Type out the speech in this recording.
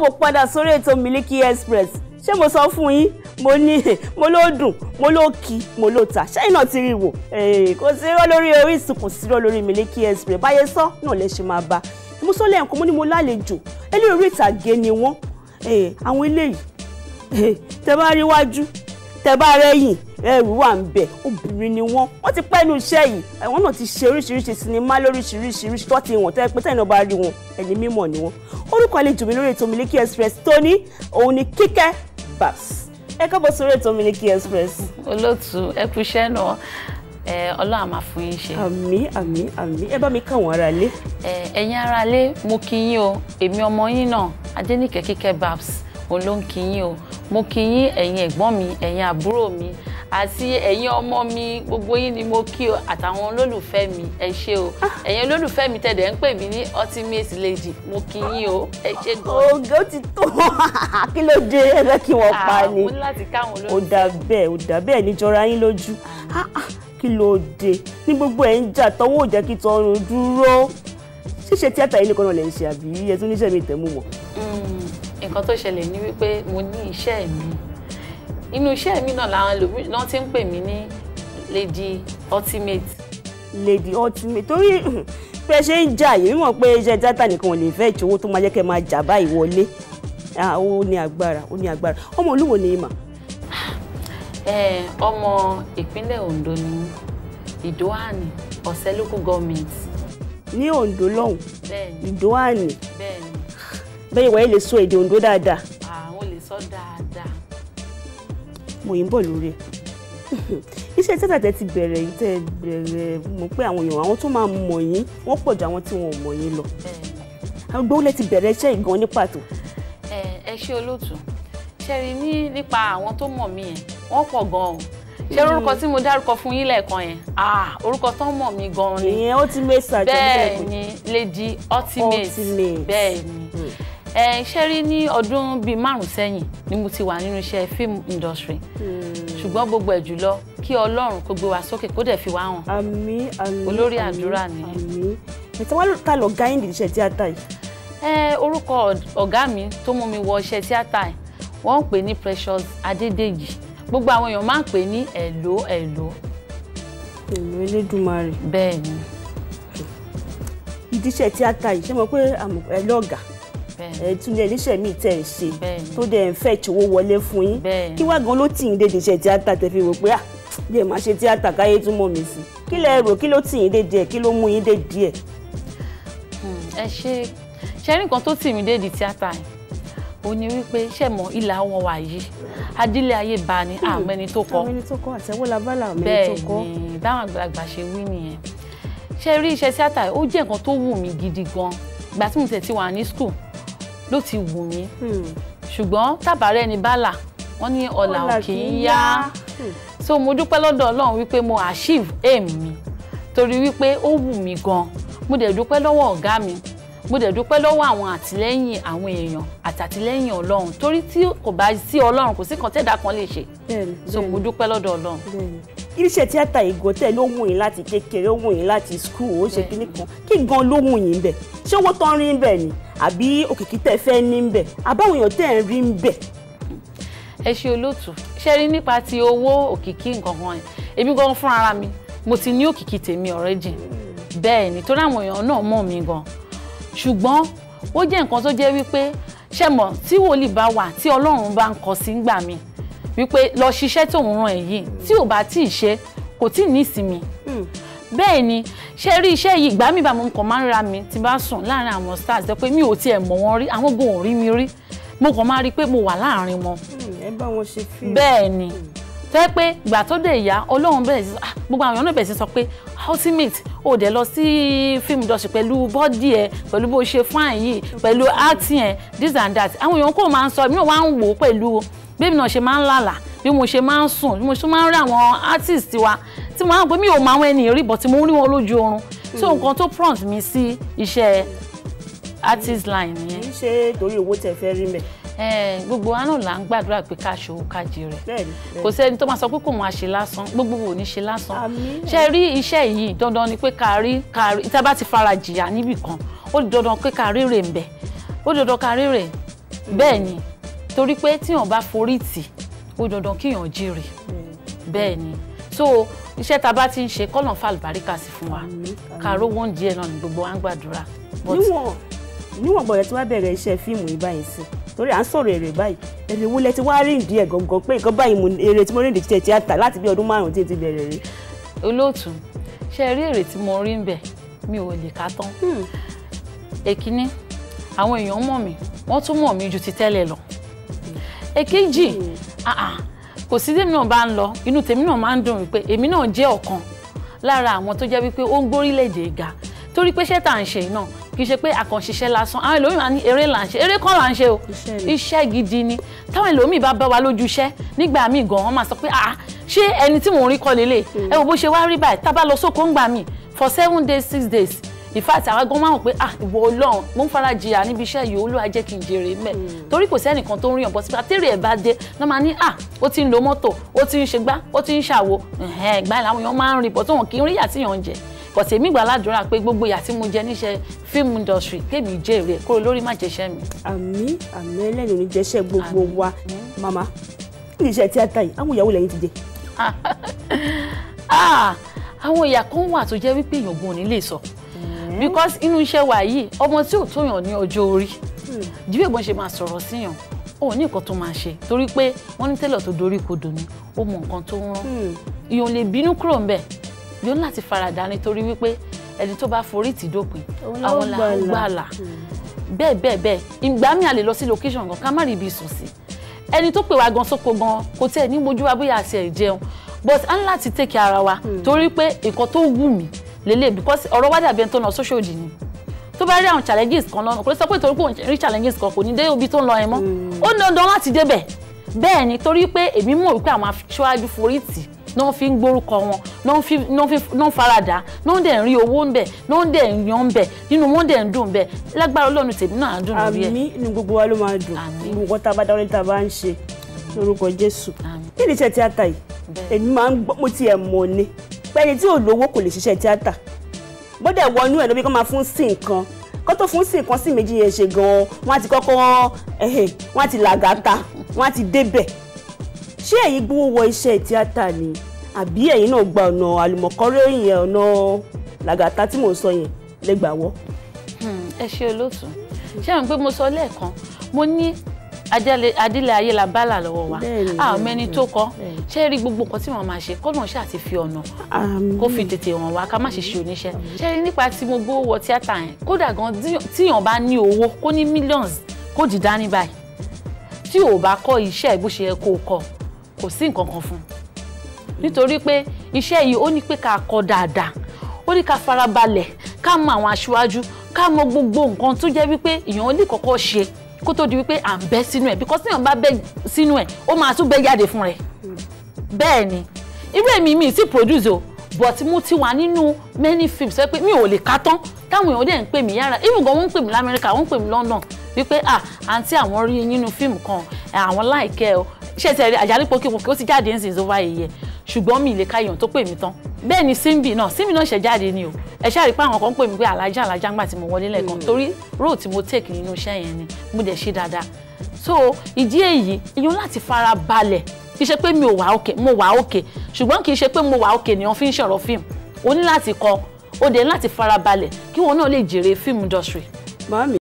wò padà sórí ètò Miliki Express ṣé mo sọ fún yín mo ní mo ló dùn mo ló kí mo ló ta ṣẹ́yìn náà ti rí wò kò sí irọ́ lórí Orísun kò sí irọ́ lórí Miliki Express báyé sọ náà lè ṣe máa bá mo sọ lẹ́yìn kan mo ní mo lálejò eléyìí orí ìtàgé ni wọ́n àwọn eléyìí tẹ bá rí iwájú tẹ bá rẹ́yìn ẹrù wà ń bẹ̀ obìnrin ni wọ́n wọ́n ti pẹ́nu iṣẹ́ yìí àwọn náà ti ṣe oríṣiríṣi sinimá lóríṣiríṣiríṣi tó ti wọ̀n tẹ́ pé sẹ́yìn náà bá rí wọn ẹni mímọ̀ ni wọ́n. orúkọ àlejò mi lórí ètò Miliki Express tó ní òun ni Kíkẹ́ Babs ẹ káàbọ̀ sórí ètò Miliki Express. olóòtú ẹ kú iṣẹ́ náà ọlọ́run máa fún yín ṣe. àmín àmín àmín ẹ bá mi kàn wọ́n ara lé. ẹ̀yin ara lé mo kí yín o èmi ọmọ yín náà Adéníkẹ́ Kíkẹ́ Babs òun ló ń kí yín o mo kí yín ẹ̀yin ẹ̀gbọ́n mi ẹ̀yin àbúrò mi àti ẹ̀yin ọmọ mi gbogbo yín ni mo kí o àtàwọn olólùfẹ́ mi ẹ ṣé o ah. ẹ̀yin olólùfẹ́ mi tẹ̀dẹ̀ ń pè mí ní ultimate lady mo kí yín o ẹ ṣé gan. oge ó ti tó kí ló dé ẹgbẹ́ kí wọ́n pa ah, ni ó dà bẹ́ẹ̀ ó dà bẹ́ẹ̀ níjọra yín lójú ah. kí ló dé ní gbogbo ẹ̀ ń jà tọ́wọ́ ò kí tọrùn dúró ṣíṣe tíátà yìí nìkan náà lè ń ṣe àbí ẹ tún níṣẹ́ mi tẹ̀ mú wọn. nǹkan tó ṣẹlẹ̀ ni wípé mo ní iṣẹ́ mi inú iṣẹ́ mi náà làwọn ẹlòmíràn ti ń pè mí ní lady ultimate. lady ultimate torí pé ṣe ń jà yìí mọ̀ pé iṣẹ́ tíátà nìkan ò lè fẹ́ ìṣòwò tó máa jẹ́ kẹ́ máa jà báyìí wọlé ó ní agbára ó ní agbára ọmọ olúwo ni ìmà. Eh, ọmọ ìpínlẹ̀ Ondo ni Ìdóàní Ọ̀sẹ̀ ní bẹ́ẹ̀ wọ́n lè sọ èdè Oǹdó dáadáa. àwọn lè sọ dáadáa. mo yìí ń bọ̀ lórí iṣẹ́ tí tàtẹ́ ti bẹ̀rẹ̀ yìí tẹ́ bẹ̀rẹ̀ mọ̀ pé àwọn èèyàn àwọn tó máa mọ̀ yín wọ́n pọ̀ ju àwọn tí wọn ò mọ̀ yín lọ. gbogbo lẹ ti bẹ̀rẹ̀ iṣẹ́ ìgan ní pàtó. ẹ ṣe olóòtú ṣẹ́rí ní nípa àwọn tó mọ̀ mí yẹn wọ́n pọ̀ gan-an ṣé orúkọ tí mo dárúkọ fún yín lẹ́ẹ̀kan yẹn orúkọ tó mọ̀ mí gan-an ni. bẹ́ẹ̀ ni lady ultimate bẹ́ẹ̀ ni ẹ ṣe rí ní ọdún bíi márùn sẹ́yìn ni mo ti wà nínú iṣẹ́ film industry hmm. ṣùgbọ́n gbogbo ẹ̀ jùlọ kí ọlọ́run kó gbé wa sókè kó dẹ̀ fi wá hàn àmín àmín olórí àdúrà nìyẹn. àmín ètò wọn ta lọ ga yín di iṣẹ́ tíátà yìí. ẹ orúkọ ọ̀gá mi tó mú mi wọ iṣẹ́ tíátà yìí wọ́n ń pè ní Precious Adédèjì gbogbo àwọn èèyàn máa ń pè ní ẹ̀lò ẹ̀lò. ẹ̀lò Elédùmarè. bẹ́ẹ̀ ni. ìdíṣẹ́ tíátà yìí ṣé mo pé ẹ̀lò ọ̀gá ẹ tún lé iléeṣẹ́ míì tẹ̀ ń ṣe tó dẹ̀ ń ìṣòwò wọlé fún yín kí wá gan ló tì ń dédé iṣẹ́ tíátà tẹ̀ fi rò pé ah yẹ máa ṣe tíátà káyé tún mọ̀ mí sí kí lẹ rò kí ló tì yín dédé ẹ̀ kí ló mú yín dédé ẹ̀. Hmm, ẹ ṣe ṣe rí nǹkan tó tì mí dédé tíátà yìí ó ní wípé ṣe mọ ilà wọn wà yìí adílé ayé bá ni àmẹni hmm, tó tó kọ àtẹwọ́ labálà tó kọ bẹ́ẹ̀ ni ṣe rí iṣẹ́ tíátà ó jẹ́ nǹkan tó wù mí gidi gan-an tí mo tẹ̀ ti wà ní school ló ti wù mí hmm. ṣùgbọ́n tábàárẹ̀ ni bálà wọ́n ní ọ̀là òkè yá hmm. so mo dúpẹ́ lọ́dọ̀ ọlọ́run wípé mo achieve aim mi torí wípé ó wù mí gan mo dẹ̀ dúpẹ́ lọ́wọ́ ọ̀gá mi mo dẹ̀ dúpẹ́ lọ́wọ́ àwọn àtìlẹ́yìn àwọn èèyàn àtàtìlẹ́yìn ọlọ́run torí tí kò bá sí ọlọ́run kò sí kan tẹ́dá kan lè ṣe so mo dúpẹ́ lọ́dọ̀ ọlọ́run iléeṣẹ́ tíátà ìgò tẹ̀ ló wù yín láti kékeré ó wù yín láti skul ó ṣe kíní kan kí gan ló wù yín bẹ̀ ṣé owó tán rí bẹ̀ ni àbí òkìkí tẹ̀ fẹ́ ní bẹ̀ àbáwọn èèyàn tẹ̀ ń rí bẹ̀. ẹ ṣe olóòtú ṣe rí nípa ti owó òkìkí nǹkan kan yẹn èmi gan fún ara mi mo ti ní òkìkí tèmi ọ̀rẹ́jì bẹ́ẹ̀ ni torí àwọn èèyàn náà mọ̀ mí gan ṣùgbọ́n ó jẹ́ nǹkan tó jẹ́ wípé ṣẹ̀mọ̀ tí wòlíì bá wà tí Ọlọ́run bá ń kọ sí ń gbà míì wípé lọ ṣiṣẹ́ tó ràn ẹ́ yìí tí ò bá tí ṣe kò tí ní ìsinmi hmm. bẹ́ẹ̀ ni ṣe rí iṣẹ́ yìí ìgbà mi bá mo kàn máa ń ra mi tí bá sùn láàrin àwọn stars jẹ́ pé mi ò tiẹ̀ mọ̀ wọ́n rí àwọn gan ò rí mi rí mo kàn máa rí i pé mo wà láàrin wọn. Hmm, ẹ bá wọn ṣe fi. bẹ́ẹ̀ ni hmm. tẹ́ pé ìgbà tó dé ìyá ọlọ́run bẹ̀rẹ̀ sí ah, gbogbo àwọn èèyàn náà bẹ̀rẹ̀ sí sọ pé ultimate ò dẹ̀ lọ sí fíìmù dọ̀sì pẹ̀lú bọ́dì ẹ̀ pẹ̀lú bó ṣe fáìn yìí pẹ̀lú acting ẹ̀ this and that àwọn èèyàn kò máa ń sọ èmi náà wá ń wò ó pẹ̀lú bí èmi náà ṣe máa ń lálàá bí mo ṣe máa ń sùn bí mo ṣe máa ń rí àwọn artist wa tí mo máa ń pè mí ò máa ń ẹni rí but mo ń rí wọn lójú oorun so hmm. nǹkan tó prompt mi sí iṣẹ́ artist line yẹn. kì í ṣe torí owó tẹ fẹ́ rí mẹ́ eh, gbogbo wa náà là ń gbàdúrà pé ká ṣòwò ká jèrè kò sẹ́ni tó máa sọ pé kò máa ṣe lásán gbogbo wo ní ṣe lásán ṣe rí iṣẹ́ yìí dandan ni pé ká rí ká rí tá a bá ti fara jìyà níbì kan ó di dandan pé ká rí rè ń bẹ̀ ó di dandan ká rí rè bẹ́ẹ̀ ni torí pé tíyàn bá forí tì ó dandan kíyàn jèrè mm. bẹ́ẹ̀ ni so iṣẹ́ ta bá ti ń ṣe kọ́nà fàlùbáríkà sí fún wa kàró oúnjẹ náà ni gbogbo wa ń gbàdúrà. níwọ̀n níwọ̀n gbọ́dọ̀ tí wàá bẹ̀rẹ̀ iṣẹ́ fíìmù yìí báyìí sí torí à ń sọ̀rọ̀ èrè báyìí èrè wo lẹ ti wá rí ìdí ẹ̀ gangan pé nǹkan báyìí èrè tí mo rí ìdí tẹ̀ tí a tà láti bí ọdún márùn-ún tí ti bẹ̀rẹ̀ rí. olóòtú ṣe rí èrè tí mo rí ń bẹ̀ mi ò lè ká tán. Hmm. èkínní àwọn èèyàn mọ̀ mí wọ́n tún mọ̀ mí ju ti tẹ́lẹ̀ lọ èkejì mm. ah, ah. kò sí tèmi náà bá ń lọ inú tèmi náà máa ń dùn wípé èmi náà jẹ́ ọ̀kan lára àwọn tó jẹ́ wípé ó ń gbórílẹ̀-èdè ga torí pé iṣẹ́ tá à ń ṣe náà kì í ṣe pé àkànṣiṣẹ́ lásán àwọn ẹlòmíì máa ní eré là ń ṣe eré kan là ń ṣe o iṣẹ́ gidi ni táwọn ẹlòmíì bá bá wa lójú iṣẹ́ nígbà míì gan wọ́n máa sọ pé ah ṣé ẹni tí mò ń rí kọ́ lélẹ̀ mm. ẹ wò bó ṣe wá rí báyìí tá a bá lọ sóko ń gbà mí for seven days six days in fact àwọn gan máa ń pé ah ìwọ Ọlọ́run mo ń fara jìyà níbi iṣẹ́ yìí Olúwa jẹ́ kí n jèrè mẹ hmm. torí kò sẹ́nìkan tó ń rí ọ̀bọ síta tèrè ẹ̀ bá dé lọ́ máa ní ah ó ti ń lo mọ́tò ó ti ń ṣe gbá ó ti ń ṣàwo ìgbà yẹn làwọn èèyàn máa ń rí bọ́ tó wọn kì í rí yà tí yàn ń jẹ kò sí èmi gbà ládùúrà pé gbogbo ìyà tí mo jẹ níṣẹ́ film industry kébì jèrè kúrò lórí má jẹṣẹ mi. àmì àmì ẹlẹ́ni ò ní jẹ́ṣẹ́ gbogbo wa màmá kí ni iṣẹ́ tíátà yìí àwọn ìyàwó lẹ́yìn ti jẹ. Ah, àwọn ìyà kan wà tó jẹ́ wípé èèyàn gan ò ní lè sọ because inú iṣẹ́ wa yìí ọmọ tí ò tóyàn ní ọjọ́ orí hmm. jíwèé bọ́n ṣe máa sọ̀rọ̀ síyàn ó ní nǹkan tó máa ṣe torí pé wọ́n ní tẹ́lọ̀ tó dorí kodò ni ó mọ nǹkan tó ń rán ìyọ̀n hmm. lè bínú kúrò ń bẹ̀ yóò láti faradà nítorí wípé ẹni tó bá forí tì dópin àwọn là ń gbàlà hmm. bẹ́ẹ̀ bẹ́ẹ̀ bẹ́ẹ̀ ìgbà mi à lè lọ sí location gan ká má rí ibi sùn sí ẹni tó pè wá gan sóko gan kò tiẹ̀ ní mojú wa bóyá àti ẹ̀ jẹun but a ń láti take ara wa torí pé nǹkan tó wù mí lélẹ̀ because ọ̀rọ̀ wá dàbí ẹni tó ń lọ sóṣò òdì ni tó bá rí àwọn challenges kan lọ́nà kò sọ pé torí pé òun rí challenges kan kò ní dé ibi tó ń lọ yẹn mọ́ hmm. ó ní dandan láti débẹ̀ bẹ́ẹ̀ ni torí pé èmi mọ̀ wípé àwọn aṣáájú forí tì náà fi ń gbórúkọ wọn náà ń faradà náà dẹ̀ ń rí owó ńbẹ̀ náà dẹ̀ ń yan ńbẹ̀ nínú wọn dẹ̀ ń dùn ńbẹ̀ lágbára ọlọ́run tèmi náà dùn lórí ẹ̀. àmì ni gbogbo wa ló máa dùn gbogbo tá a bá dáwọ́lé tá a bá ń ṣe lórúkọ jésù kí ni iṣẹ́ tíátà yìí èmi máa ń gbọ́ mo tiẹ̀ mọ̀ ni pẹ́ni tí ò lówó kò lè ṣiṣẹ́ tíátà bóde wọnú ẹ̀ lóbi kán máa fún sí nǹkan kó tó fún sí nǹkan sí méjì yẹn ṣe gan-an wọ́n á ti kọ́kọ́ wọ́n á ti làgàtà wọ́n á ti débẹ̀ ṣé ẹ̀yin gbówó wọ iṣẹ́ tíátà ni àbí ẹ̀yin náà gba ọ̀nà àlùmọ̀kọ́rẹ́ yẹn ọ̀nà làgàtà tí mò ń sọ yẹn lẹ́gbàá wọ́. Hmm, ẹ ṣe olóòtú ṣé àwọn pé mo sọ lẹ́ẹ̀kan mo ní adílẹ̀ ayé la bá là lọ́wọ́ wa a mẹ́ni tó kọ́ ṣé rí gbogbo nǹkan tí wọ́n máa ṣe kọ́nà ṣáà ti fi ọ̀nà kó fi tètè hàn wá ká má ṣe ṣe oníṣẹ́ ṣé rí nípa tí mo gbówó wọ tíátà yẹn kódà gan tíyàn bá ní owó kó ní millions kó jì dání báyìí tí ò bá kọ́ iṣẹ́ bó ṣe yẹ kó kọ́ kò sí nǹkan kan fún nítorí pé iṣẹ́ yìí ó ní pé ká kọ́ dáadáa ó ní ká farabalẹ̀ ká mọ àwọn aṣíwájú ká mọ gbogbo nǹkan tó jẹ́ wípé èèyàn ó lè kọ́kọ́ ṣe kó tó di wípé à ń bẹ́ sínú ẹ̀ because tíyàn bá bẹ́ sínú ẹ̀ ó máa tún bẹ́ jáde fún rẹ̀ bẹ́ẹ̀ ni irú èmi mi ti produce o but mo ti wà nínú many films ẹ pé mi ò lè ká tán táwọn èèyàn dẹ̀ ń pè mí yára even gan wọ́n ń pè mí lamẹ́ríkà wọ́n ń pè mí London wípé ah àǹtí àwọn rí nínú fíìmù kan àwọn láìkẹ́ o ṣé ti àjálù pòkèpòkè ó ti jáde ní sinzova yìí yẹ ṣùgbọ́n mi lè ka èèyàn tó pè mí tán bẹ́ẹ̀ ni Simbi náà Simbi náà ṣẹ̀ jáde ni o ẹ ṣáà rí pé àwọn kan pè mí pé alájà alájà ńgbà tí mo wọlé lẹ́ẹ̀kan hmm. torí róò tí mo take nínú iṣẹ́ yẹn ni mo dẹ̀ ṣe dáadáa so ìdí èyí èèyàn láti fara balẹ̀ kì í ṣe pé mi ò wà òkè mo wà òkè ṣùgbọ́n kì í ṣe pé mo wà òkè ni wọ́n fi ń ṣọ̀rọ̀ fíìmù o ní láti kọ o dẹ̀ láti fara balẹ̀ kí wọn náà lè jèrè fíìmù industry. màámi